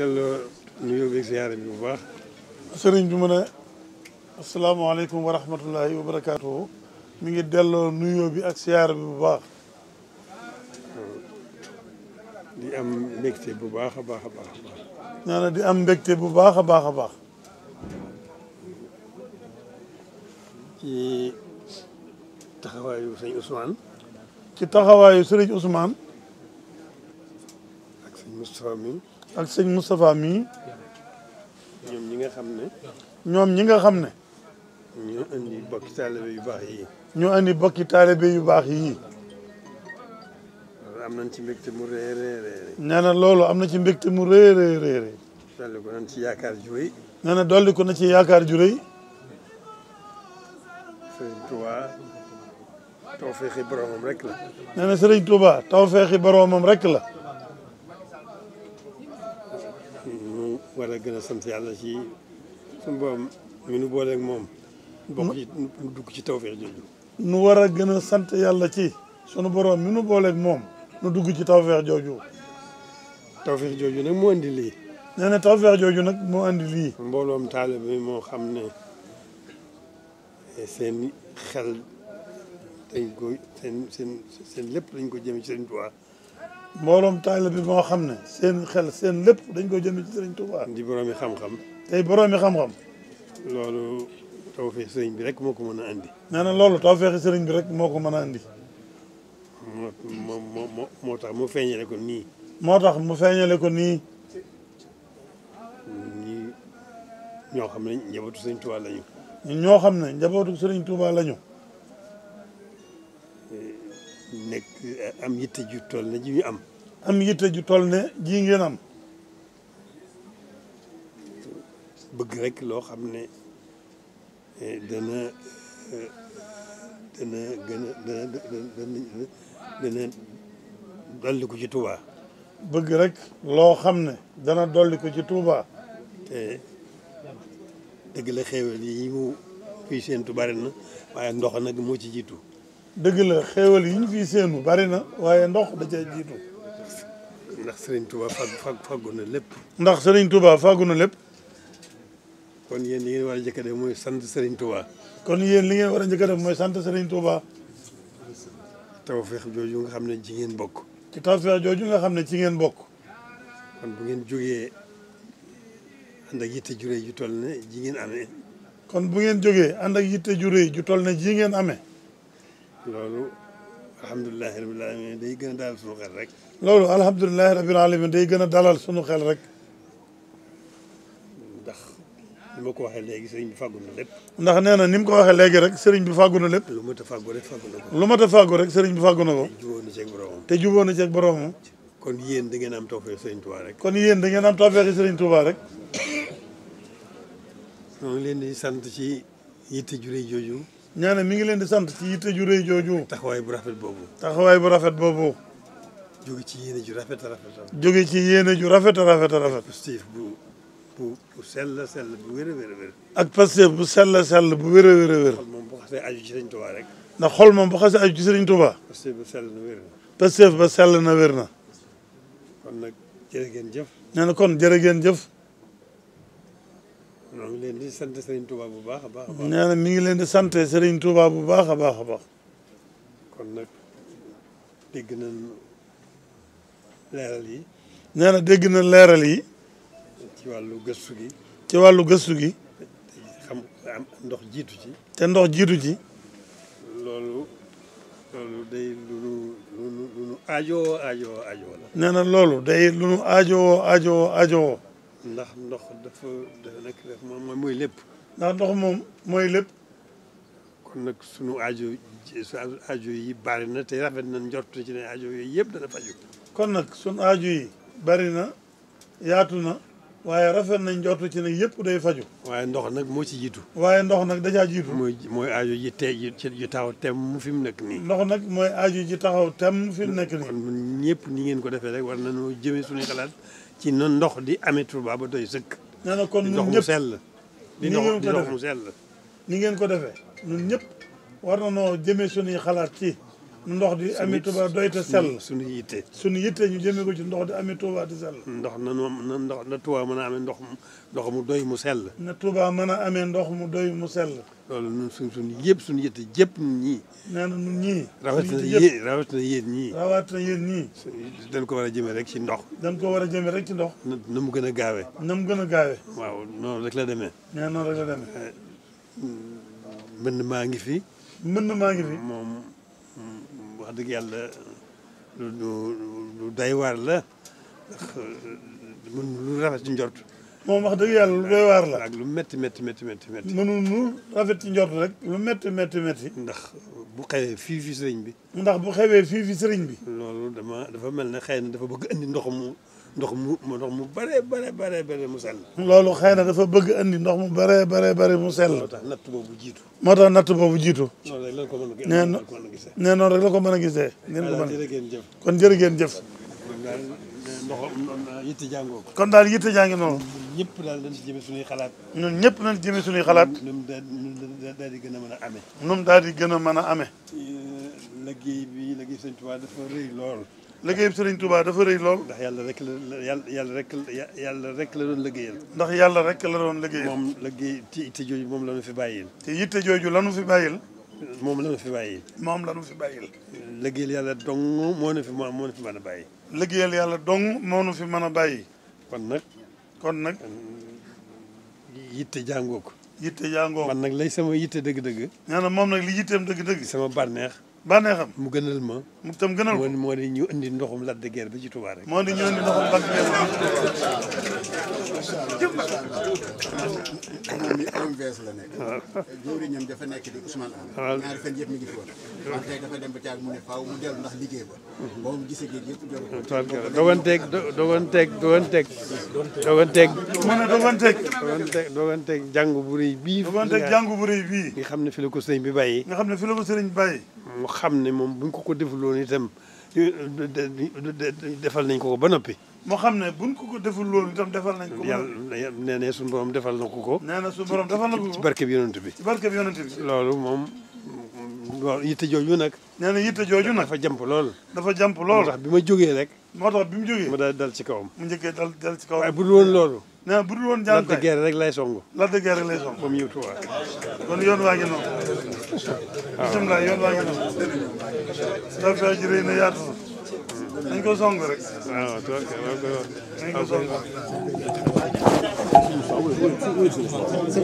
delloo nuyoo bi ziyaara bi bu baax sëriñ bi mu ne asalaamaaleykum wa rahmatullahi wa mi ngi delloo nuyoo bi ak ziyaara bi bu baax di am mbégte bu baax a baax a baax di am mbégte bu baax a baax a baax ci taxawaayu sëriñ Ousmane ci taxawaayu sëriñ Ousmane Moustapha mi. ak sëñ Moustapha mi. ñoom ñi nga xam ne. ñoom ñi nga xam ne. ñoo indi bokki taalibe yu baax yi. ñoo indi bokki taalibe yu baax yi. am nañ ci mbégte mu na loolu am na ci mbégte mu rëy a rëy. dolli ko nañ ci yaakaar ju rëy. nee na dolli ko na ci yaakaar ju rëy. Serigne Touba tawféexi boromam rek la. nee na Serigne Touba tawféexi boromam rek la. war a gën a sant yàlla ci suñu borom mi nu booleeg moom. bokk ci dugg ci tawféex jooju. nu war a gën a sant yàlla ci sunu borom mi nu booleeg moom nu dugg ci tawféex jooju. tawféex jooju nag moo indi lii. nee na tawféex jooju nag moo indi lii. mbooloom taalibe bi moo xam ne seen xel dañ ko seen seen seen lépp dañ ko jëme ci Sëriñ Tuubaa. mbooloom taalibe bi moo xam ne seen xel seen lépp dañ ko jëme ci sëriñ Touba. di boroomi xam-xam. tey boroomi xam-xam. loolu tawfeexi sëriñ bi rek moo ko mën a andi. nee na loolu sëriñ bi rek moo ko mën a andi. moo moo moo tax mu feeñale ko nii. moo tax mu feeñale ko nii. ñoo xam ne njabootu sëriñ Touba lañu. ñoo xam ne njabootu sëriñ Touba lañu. nekk eh, am yitte ju toll ne ji am. am yitte ju toll ne ji ngeen am. bëgg rekk loo xam ne eh, eh, dana dana gën dolli ko ci Touba. bëgg rek loo xam ne dana dolli ko ci Touba. te dëgg la xéewal yi mu fii seen Touba ren na waaye ndox nag moo ci jiitu. dëgg la xéewal yi ñu fi séenu bari na waaye ndox da cee jiitu. ndax Serigne Touba fag faggu na lépp. ndax Serigne Touba faggu na lépp. kon yéen li ngeen war a njëkk a def mooy sant Serigne Touba. kon yéen li ngeen war a njëkk a def mooy sant Serigne Touba. tawfeex jooju nga xam ne ci ngeen bokk. ci tawfeex jooju nga xam ne ci ngeen bokk. kon bu ngeen jógee ànd ak yitte jure ju toll ne ji ngeen amee. kon bu ngeen jógee ànd ak yitte jure ju toll ne ji ngeen amee. لولو الحمد لله رب العالمين داي گنا دالال سونو خيل رك لولو الحمد لله رب العالمين داي گنا دالال سونو خيل رك نخ نانا نيم كو waxه ليگي رك سيرن بي فاغونو لپ لوما تفاغو رك فاغونو لپ لوما تفاغو رك سيرن بي فاغونو كون يين nee na mi ngi leen di sant ci yitte ju rëy jooju. taxawaay bu rafet boobu. taxawaay bu rafet boobu. jóge ci yéene ju rafet a rafet a. jóge ci yéene ju rafet a rafet a rafet. Pastef bu bu bu sell sell bu wér a ak Pastef bu sell sell bu wér a wér a wér. bu xasee aju ci Sëriñ Tuubaa rek. ndax xol moom bu xasee aju ci Sëriñ Tuubaa. Pastef ba sell na wér na. ba sell na wér na. kon nag jërë jëf. nee na kon jërë ngeen jëf. ñoo ngi leen di sant bu baax a baax. nee na mi ngi leen di sant Serigne Touba bu baax a baax a baax. kon nag dégg leeral yi. nee na na leeral yi. ci wàllu gëstu gi. ci wàllu gëstu gi. xam ndox jiitu ci. te ndox jiitu ci. loolu loolu day lu nu lu nu aajowoo aajowoo loolu day lu nu aajowoo aajowoo aajowoo. ndax ndox dafa dafa nekk dafa moom mooy lépp. ndax ndox moom mooy lépp. kon nag sunu aajo su ajo yi bari na te rafet na njort ci ne aajo yooyu yëpp dana faju kon nag sunu ajo yi bari na yaatu na. waaye rafet nañ jortu ci nag yëpp day faju waaye ndox nag moo ci jiitu waaye ndox nag dajaa jiitu mooy mooy aajo ji tey ji taxaw tem mu fi mu nekk nii ndox nag mooy aajo ji taxaw tem mu fi mu nekk nii kon ñëpp ni ngeen ko defee rek war nañoo jëmee suñuy xalaat ci noonu ndox di amee Tuuba ba doy sëkk nee na kon ñun ñëpp sell di ndox mu sell ni ngeen ko defee ñun ñëpp war nañoo jëmee suñuy xalaat ci ndox di amee Touba doy te sell. suñu yitte suñu yitte ñu jëmee ko ci ndox di amee Touba te sell. ndox na na ndox na Touba mën a amee ndox mu ndox mu doy mu sell. na Touba mën amee ndox mu doy mu sell. loolu ñun suñ suñu yëpp suñu yitte jëpp ñun ñii. nee na ñun ñii. rawatina yéen rawatina yéen ñii. rawatina yéen ñii. dañ ko war a jëmee rek ci ndox. dañ ko war a jëmee rek ci ndox. na mu gën a gaawee. na mu gën a gaawee. waaw noonu rek la demee. nee noonu rek la demee. mbënd maa ngi fi. mbënd maa ngi fi wax dëgg yàlla lu lu waar la ndax lu rafet ci njort. moom wax dëgg yàlla lu doy waar la. ak lu métti metti métti métti métti. mënul lu rafet ci njort rek. lu métti métti métti. ndax bu xewee fii fii sëriñ bi. ndax bu xewee fii fii sëriñ bi. loolu dama dafa mel ne xëy na dafa bëgg indi ndox mu. ndox mu ndox mu bëree bare bare bëri mu sell. loolu xëy na dafa bëgg indi ndox mu bëree bare bëri mu sell. moo tax natt boobu jiitu. moo tax natt boobu jiitu. noonu rek la ko mën a gisee nee noonu rek la ko mën a gisee. ngeen ko mën a jëf. kon jërë ngeen jëf. yitte jàngoo kon daal yitte jàngi noonu. ñun ñëpp daal nañ ci jëmee suñuy xalaat. ñun ñëpp na ci jëmee suñuy xalaat. ñun daal di gën a mën a amee. ñun daal di gën a mën a amee. Euh, liggéey bi liggéey Sëñ Tuubaa dafa rëy lool. liggéeyam Serigne Touba dafa rëy lool. ndax yàlla rek la yàlla rek yàlla rek la doon liggéeyal. ndax yàlla rek la doon liggéeyal. moom liggéey te yitte jooju moom la nu fi bàyyil. te yitte jooju la nu bàyyil. moom la nu fi bàyyil. moom la nu bàyyil. liggéeyal yàlla dong moo nu fi moo moo nu a bàyyi. liggéeyal yàlla dong moo nu fi mën a bàyyi. kon nag. kon nag. yitte jàngoo ko. yitte jàngoo ko man nag lay sama yitte dëgg-dëgg. nee moom nag li yitteem dëgg-dëgg. sama bànneex. bànneexam mu gënal ma. mu tam gënal ko moo di ñu indi ndoxum Lac de bi ci Touba rek. moo ñu indi ndoxum Lac de la nekk. nekk di ba caag mu ne faaw mu dellu ndax liggéey ba. Mhm. boobu mu gisee géej doganteeg doganteeg doganteeg. mu ne doganteeg. doganteeg jàngu bu rëy bii. doganteeg jàngu bu rëy bii. nga xam ne fi la ko sëriñ bi bàyyi. nga xam ne fi la ko sëriñ bi bàyyi. mu xam ne moom buñ ko ko defuloon itam defal nañ ko ko ba noppi. moo xam ne buñ ko ko deful loolu itam defal nañ ko. yàlla nee na suñu borom na ko ko. na suñu borom defal na ko ci barke bi yonent bi. ci barke bi yonent bi. loolu moom waaw yitte jooju nag. nee na yitte jooju nag dafa jàmp lool. dafa jàmp lool moo tax bi ma jógee rek. moo tax bi mu jógee. mu daal dal ci kawam. mu njëkkee dal ci kawam. waaye bu dul woon loolu. na bu dul woon jànkuwaay Lac de Guiers rek lay song. Lac de Guiers rek lay song. moom ñëw Tuubaa. kon yoon waa ngi noonu. waaw ah. bisimilah yoon waa ngi noonu. tawfeex ji rëy na yaatu na. nañ ko song rek. Ah, waaw toog nañ ko song. Ah,